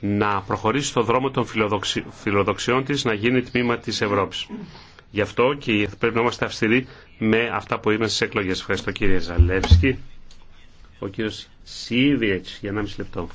να προχωρήσει στον δρόμο των φιλοδοξιών της να γίνει τμήμα της Ευρώπης. Γι' αυτό και πρέπει να είμαστε αυστηροί με αυτά που είμαστε στις εκλογές. Ευχαριστώ κύριε Ζαλεύσκη. Ο κύριος Σίδιετς για μισή λεπτό.